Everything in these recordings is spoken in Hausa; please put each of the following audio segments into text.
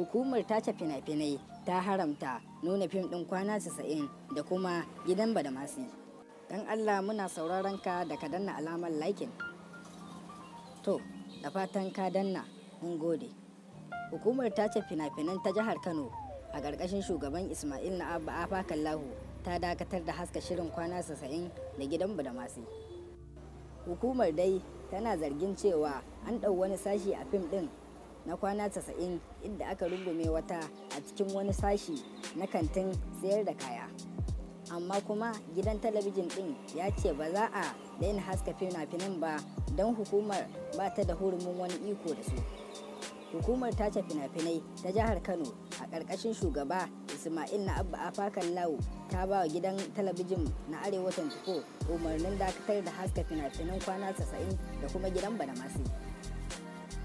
hukumar tace fina-finai ta haramta nuna fim ɗin kwana 90 da kuma gidan badamasi don allah muna sauraron ka da ka danna alamar likin to da fatan ka danna mun gode hukumar tace fina-finan ta jihar kano a ƙarƙashin shugaban ismail na abba kallahu ta dakatar da haska shirin kwana 90 da gidan badamasi hukumar dai tana zargin cewa an ɗau wani sashi a fim ɗin na kwana 90 inda aka rungume wata a cikin wani sashi na kantin sayar da kaya amma kuma gidan talabijin din ya ce ba za a daina haska fina-finan ba don hukumar ba ta da hurumin wani iko da su hukumar tace fina-finai ta jihar kano a ƙarƙashin shugaba ismail na abba afakan lau ta ba wa gidan talabijin na arewa 24 umarnin dakatar da haska fina-finan kwana 90 da kuma gidan banamasi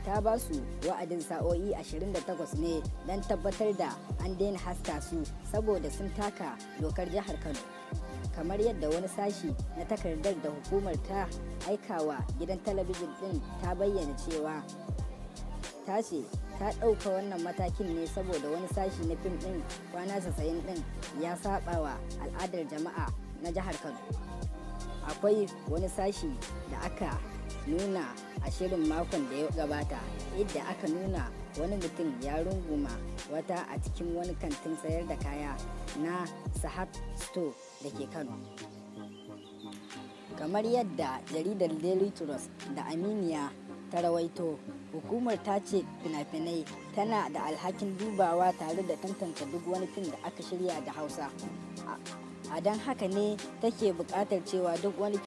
ta ba su wa'adin sa'o'i 28 ne don tabbatar da an daina haska su saboda sun taka dokar jihar kano kamar yadda wani sashi na takardar da hukumar ta aikawa gidan talabijin din ta bayyana cewa ta ce ta ɗauka wannan matakin ne saboda wani sashi na fim ɗin kwana 90 ɗin ya saba wa al'adar jama'a na jihar kano akwai wani sashi da aka nuna a shirin makon da ya gabata idda aka nuna wani mutum ya runguma wata a cikin wani kantin sayar da kaya na sahad store da ke kano kamar yadda jaridar daily trust da aminiya ta rawaito hukumar ta ce fina-finai tana da alhakin dubawa tare da tantance duk wani fim da aka shirya da hausa a don haka ne take buƙatar cewa duk wani